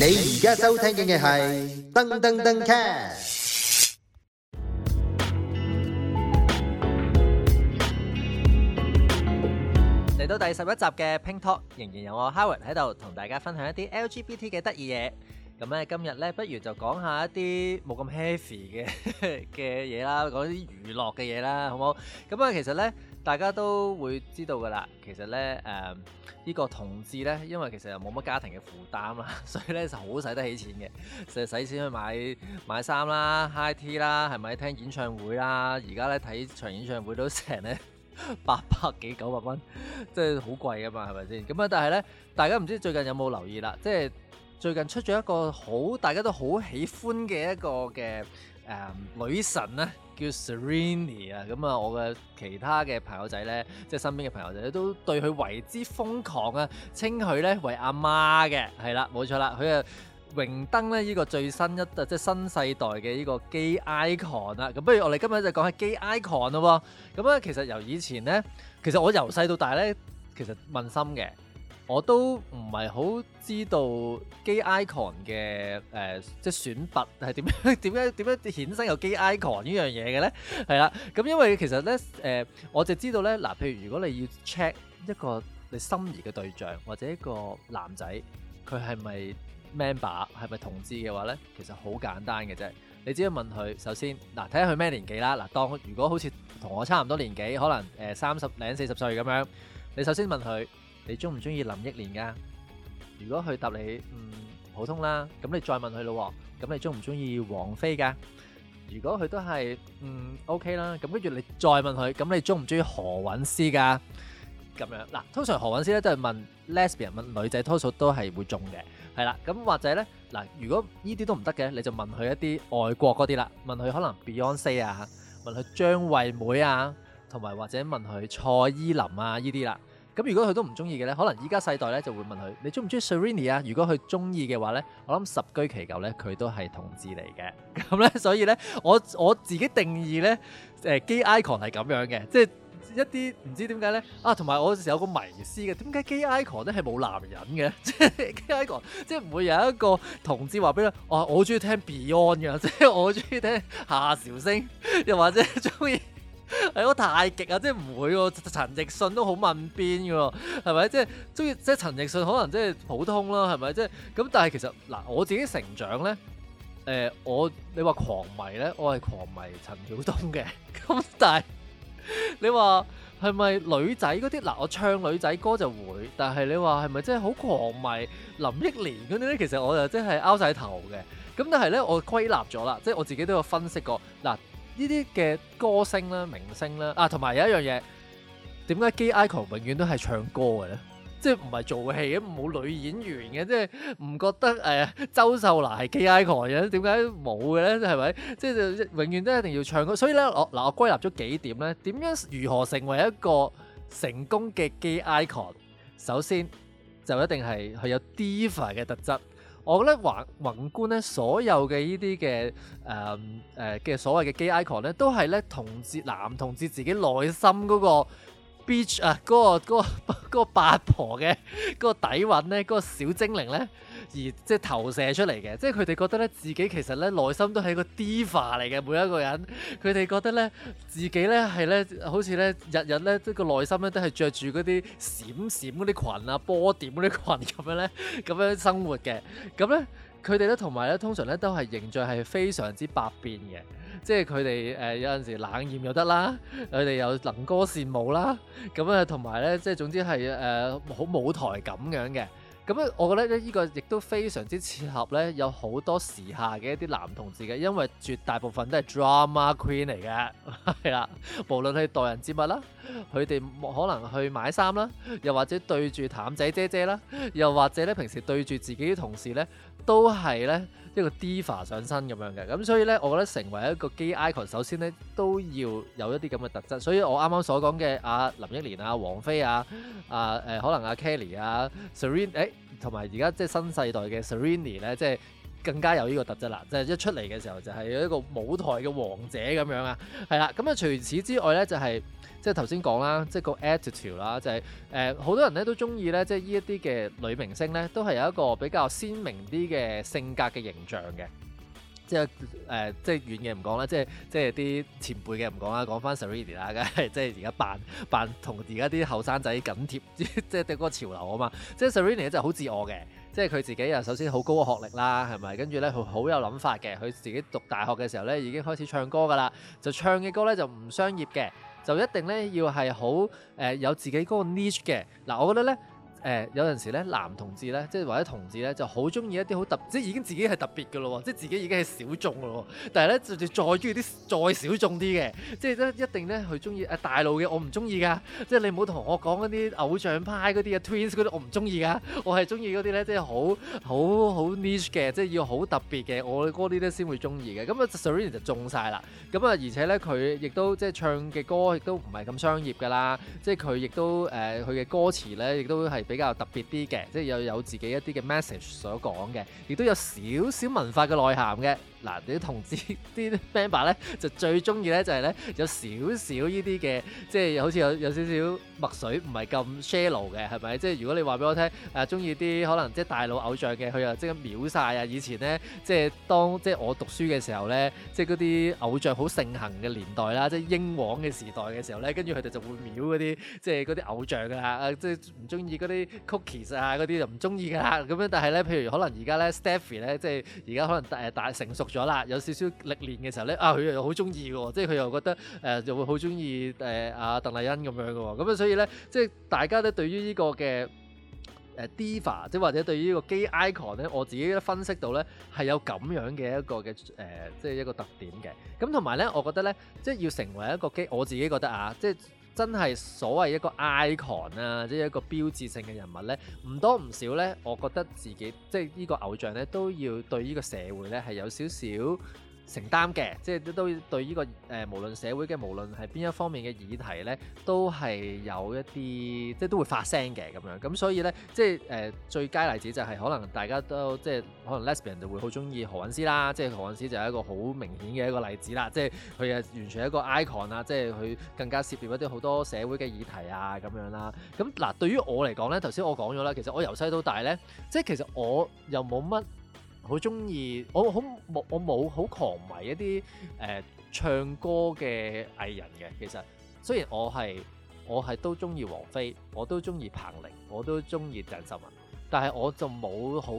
你而家收聽嘅係噔噔噔 cast，嚟到第十一集嘅 Pink Talk，仍然有我 Howard 喺度同大家分享一啲 LGBT 嘅得意嘢。咁咧今日咧，不如就講下一啲冇咁 heavy 嘅嘅嘢啦，講啲娛樂嘅嘢啦，好唔好？咁啊，其實咧。大家都會知道嘅啦，其實咧誒，依、嗯呢個同志咧，因為其實又冇乜家庭嘅負擔啊，所以咧就好使得起錢嘅，成日使錢去買買衫啦、high tea 啦，係咪聽演唱會啦？而家咧睇場演唱會都成咧八百幾九百蚊，即係好貴嘅嘛，係咪先？咁啊，但係咧，大家唔知最近有冇留意啦？即係最近出咗一個好大家都好喜歡嘅一個嘅。誒、呃、女神咧叫 Serini 啊，咁啊，我嘅其他嘅朋友仔咧，即係身邊嘅朋友仔都對佢為之瘋狂啊，稱佢咧為阿媽嘅，係啦，冇錯啦，佢啊榮登咧呢個最新一即係新世代嘅呢個 gay icon 啦、啊，咁不如我哋今日就講下 gay icon 咯、啊、喎，咁啊，其實由以前咧，其實我由細到大咧，其實問心嘅。我都唔係好知道 gay icon 嘅誒、呃，即係選拔係點樣？點解點樣衍生有 gay icon 呢樣嘢嘅咧？係啦，咁因為其實咧誒、呃，我就知道咧，嗱，譬如如果你要 check 一個你心儀嘅對象或者一個男仔，佢係咪 member 係咪同志嘅話咧，其實好簡單嘅啫。你只要問佢，首先嗱，睇下佢咩年紀啦。嗱，當如果好似同我差唔多年紀，可能誒三十零四十歲咁樣，你首先問佢。你中唔中意林憶蓮噶？如果佢答你嗯，普通啦，咁你再問佢咯。咁你中唔中意王菲噶？如果佢都係嗯，OK 啦，咁跟住你再問佢，咁你中唔中意何韻詩噶？咁樣，嗱，通常何韻詩咧都係問 Lesbian，問女仔，多數都係會中嘅，係啦。咁或者咧，嗱，如果呢啲都唔得嘅，你就問佢一啲外國嗰啲啦，問佢可能 Beyonce 啊，問佢張惠妹啊，同埋或者問佢蔡依林啊呢啲啦。咁如果佢都唔中意嘅咧，可能依家世代咧就會問佢：你中唔中意 Serenity 啊？如果佢中意嘅話咧，我諗十居其九咧佢都係同志嚟嘅。咁咧，所以咧，我我自己定義咧，誒 G Icon 係咁樣嘅，即係一啲唔知點解咧啊！同埋我有時有個迷思嘅，點解 G Icon 咧係冇男人嘅？即係 G Icon，即係唔會有一個同志話俾你，啊、我好中意聽 Beyond 嘅，即係我中意聽夏小星，又或者中意。係、哎、我太極啊！即係唔會喎，陳奕迅都好問邊嘅喎，係咪？即係中意即係陳奕迅，可能即係普通啦，係咪？即係咁，但係其實嗱，我自己成長咧，誒、呃，我你話狂迷咧，我係狂迷陳曉東嘅。咁但係你話係咪女仔嗰啲？嗱，我唱女仔歌就會，但係你話係咪即係好狂迷林憶蓮嗰啲咧？其實我就即係拗晒頭嘅。咁但係咧，我歸納咗啦，即係我自己都有分析過嗱。呢啲嘅歌星啦、明星啦，啊，同埋有一樣嘢，點解 Gay Icon 永遠都係唱歌嘅咧？即係唔係做戲咁冇女演員嘅？即係唔覺得誒周秀娜係 Gay Icon 嘅？點解冇嘅咧？係咪？即係永遠都一定要唱歌。所以咧，我嗱我歸納咗幾點咧，點樣如何成為一個成功嘅 Gay Icon？首先就一定係佢有 diva 嘅特質。我覺得橫宏觀咧、呃呃，所有嘅呢啲嘅誒誒嘅所謂嘅 gay icon 咧，都係咧同志男同志自己內心嗰、那個。beach 啊，嗰個嗰個嗰個八婆嘅嗰個底韻咧，嗰個小精靈咧，而即係投射出嚟嘅，即係佢哋覺得咧，自己其實咧內心都係個 diva 嚟嘅，每一個人，佢哋覺得咧自己咧係咧，好似咧日日咧即個內心咧都係着住嗰啲閃閃嗰啲裙啊，波點嗰啲裙咁樣咧，咁樣生活嘅，咁咧佢哋咧同埋咧通常咧都係形象係非常之百變嘅。即係佢哋誒有陣時冷豔又得啦，佢哋又能歌善舞啦，咁啊同埋咧，即係總之係誒好舞台噉樣嘅。咁我覺得呢依個亦都非常之切合咧，有好多時下嘅一啲男同志嘅，因為絕大部分都係 drama queen 嚟嘅，係啦，無論係待人接物啦，佢哋可能去買衫啦，又或者對住譚仔姐，姐姐啦，又或者咧平時對住自己啲同事咧，都係咧一個 diva 上身咁樣嘅。咁所以咧，我覺得成為一個 gay icon，首先咧都要有一啲咁嘅特質。所以我啱啱所講嘅阿林憶蓮啊、王菲啊、啊誒、呃、可能阿、啊、Kelly 啊、Serene，誒、欸。同埋而家即係新世代嘅 Serini 咧，即係更加有呢個特質啦。即係一出嚟嘅時候就係有一個舞台嘅王者咁樣啊，係啦。咁啊，除此之外咧，就係即係頭先講啦，即係個 attitude 啦、就是，就係誒好多人咧都中意咧，即係呢一啲嘅女明星咧，都係有一個比較鮮明啲嘅性格嘅形象嘅。即係誒、呃，即係遠嘅唔講啦，即係即係啲前輩嘅唔講啦，講翻 Serrini 啦，即係而家扮扮同而家啲後生仔緊貼即係個潮流啊嘛！即係 Serrini 咧就好自我嘅，即係佢自己又首先好高嘅學歷啦，係咪？跟住咧佢好有諗法嘅，佢自己讀大學嘅時候咧已經開始唱歌噶啦，就唱嘅歌咧就唔商業嘅，就一定咧要係好誒有自己嗰個 niche 嘅。嗱，我覺得咧。誒、呃、有陣時咧，男同志咧，即係或者同志咧，就好中意一啲好特別，即係已經自己係特別嘅咯，即係自己已經係小眾咯。但係咧，就再中意啲再小眾啲嘅，即係一定咧，佢中意誒大路嘅，我唔中意噶。即係你唔好同我講嗰啲偶像派嗰啲啊，Twins 嗰啲，我唔中意噶。我係中意嗰啲咧，即係好好好 niche 嘅，即係要好特別嘅，我嘅歌呢先會中意嘅。咁啊，Sarina 就中晒啦。咁啊，而且咧，佢亦都即係唱嘅歌亦都唔係咁商業噶啦。即係佢亦都誒，佢、呃、嘅歌詞咧，亦都係。比較特別啲嘅，即有有自己一啲嘅 message 所講嘅，亦都有少少文化嘅內涵嘅。嗱，你啲同志啲 bandbar 咧就最中意咧就係、是、咧有少少呢啲嘅，即係好似有有少少墨水唔係咁 shallow 嘅，係咪？即係如果你話俾我聽誒中意啲可能即係大老偶像嘅，佢又即刻秒曬啊！以前咧即係當即係我讀書嘅時候咧，即係啲偶像好盛行嘅年代啦，即係英皇嘅時代嘅時候咧，跟住佢哋就會秒啲即係啲偶像噶啦、啊，即係唔中意啲 cookies 啊啲就唔中意噶，咁樣。但係咧，譬如可能而家咧，Stephy 咧，即係而家可能誒大成熟咗啦，有少少歷練嘅時候咧，啊佢又好中意喎，即係佢又覺得誒、呃，又會好中意誒啊！鄧麗欣咁樣嘅喎，咁啊所以咧，即係大家咧對於呢個嘅誒、呃、Diva，即係或者對於呢個 gay icon 咧，我自己分析到咧係有咁樣嘅一個嘅誒、呃，即係一個特點嘅。咁同埋咧，我覺得咧，即係要成為一個 gay，我自己覺得啊，即係。真係所謂一個 icon 啊，即係一個標誌性嘅人物呢，唔多唔少呢。我覺得自己即係呢個偶像呢，都要對呢個社會呢，係有少少承擔嘅，即係都對呢、這個誒、呃，無論社會嘅，無論係邊一方面嘅議題咧，都係有一啲，即係都會發聲嘅咁樣。咁所以咧，即係誒、呃、最佳例子就係可能大家都即係可能 Lesbian 就會好中意何韻詩啦，即係何韻詩就係一個好明顯嘅一個例子啦。即係佢係完全一個 icon 啊，即係佢更加涉獵一啲好多社會嘅議題啊咁樣啦。咁嗱，對於我嚟講咧，頭先我講咗啦，其實我由細到大咧，即係其實我又冇乜。好中意我好冇我冇好狂迷一啲誒、呃、唱歌嘅藝人嘅，其實雖然我係我係都中意王菲，我都中意彭玲，我都中意鄭秀文，但係我就冇好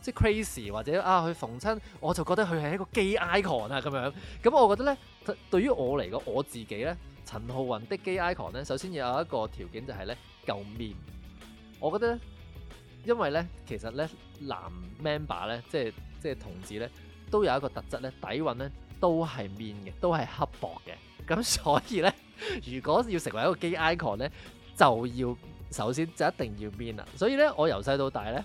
即係 crazy 或者啊佢逢親，我就覺得佢係一個 gay icon 啊咁樣。咁我覺得咧，對於我嚟講，我自己咧，陳浩雲的 gay icon 咧，首先有一個條件就係咧，舊面，我覺得。因為咧，其實咧，男 member 咧，即係即係同志咧，都有一個特質咧，底蘊咧，都係面嘅，都係刻薄嘅。咁所以咧，如果要成為一個 gay icon 咧，就要首先就一定要面啦。所以咧，我由細到大咧。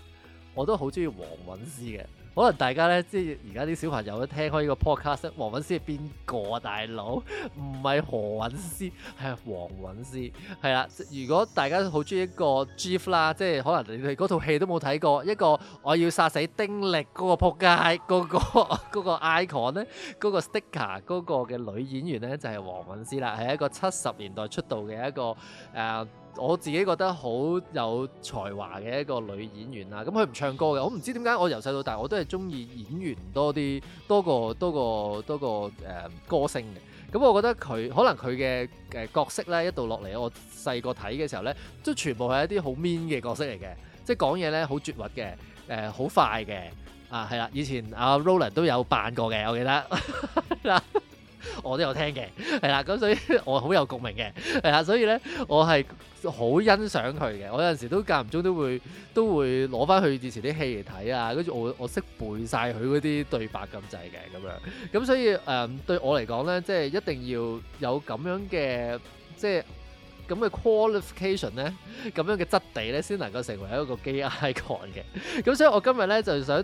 我都好中意黃韻詩嘅，可能大家咧，即係而家啲小朋友都聽開呢個 podcast，黃韻詩係邊個啊？大佬，唔係何韻詩，係黃韻詩，係啦。如果大家都好中意一個 GIF 啦，即係可能你哋嗰套戲都冇睇過，一個我要殺死丁力嗰個撲街嗰個 icon 咧，嗰個 sticker 嗰個嘅女演員咧就係黃韻詩啦，係一個七十年代出道嘅一個誒。呃我自己覺得好有才華嘅一個女演員啦、啊，咁佢唔唱歌嘅，我唔知點解我由細到大我都係中意演員多啲多過多過多過誒、呃、歌星嘅，咁、嗯、我覺得佢可能佢嘅誒角色咧一到落嚟，我細個睇嘅時候咧，都全部係一啲好 mean 嘅角色嚟嘅，即係講嘢咧好絕核嘅，誒、呃、好快嘅，啊係啦，以前阿、啊、Roland 都有扮過嘅，我記得，嗱 我都有聽嘅，係啦，咁所以我好有共鳴嘅，係啦，所以咧我係。好欣賞佢嘅，我有陣時都間唔中都會都會攞翻去以前啲戲嚟睇啊，跟住我我識背晒佢嗰啲對白咁滯嘅，咁樣咁所以誒、呃、對我嚟講咧，即係一定要有咁樣嘅即係咁嘅 qualification 咧，咁樣嘅質地咧，先能夠成為一個 g icon 嘅。咁所以我今日咧就想，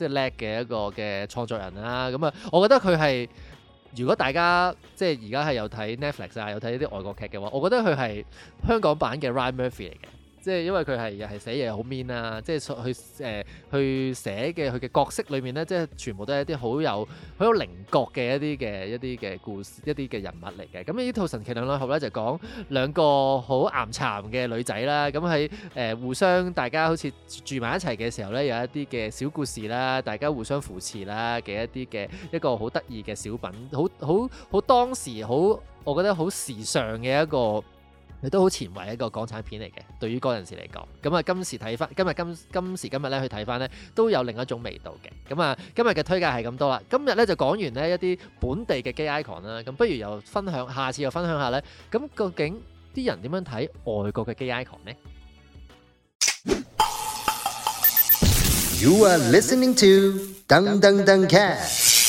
即係叻嘅一個嘅創作人啦、啊，咁、嗯、啊，我覺得佢係如果大家即係而家係有睇 Netflix 啊，有睇啲外國劇嘅話，我覺得佢係香港版嘅 Ryan Murphy 嚟嘅。即係因為佢係又係寫嘢好 mean 啊！即係佢誒去寫嘅佢嘅角色裏面咧，即係全部都係一啲好有好有稜角嘅一啲嘅一啲嘅故事，一啲嘅人物嚟嘅。咁呢套《神奇兩女俠》咧就講兩個好岩巉嘅女仔啦。咁喺誒互相大家好似住埋一齊嘅時候咧，有一啲嘅小故事啦，大家互相扶持啦嘅一啲嘅一個好得意嘅小品，好好好當時好，我覺得好時尚嘅一個。佢都好前衞一個港產片嚟嘅，對於嗰陣時嚟講，咁啊今時睇翻今日今今時今日咧，去睇翻咧都有另一種味道嘅。咁啊今日嘅推介係咁多啦，今日咧就講完咧一啲本地嘅 icon 啦，咁不如又分享，下次又分享下咧，咁究竟啲人點樣睇外國嘅 icon 咧？You are listening to 噔噔噔 cast。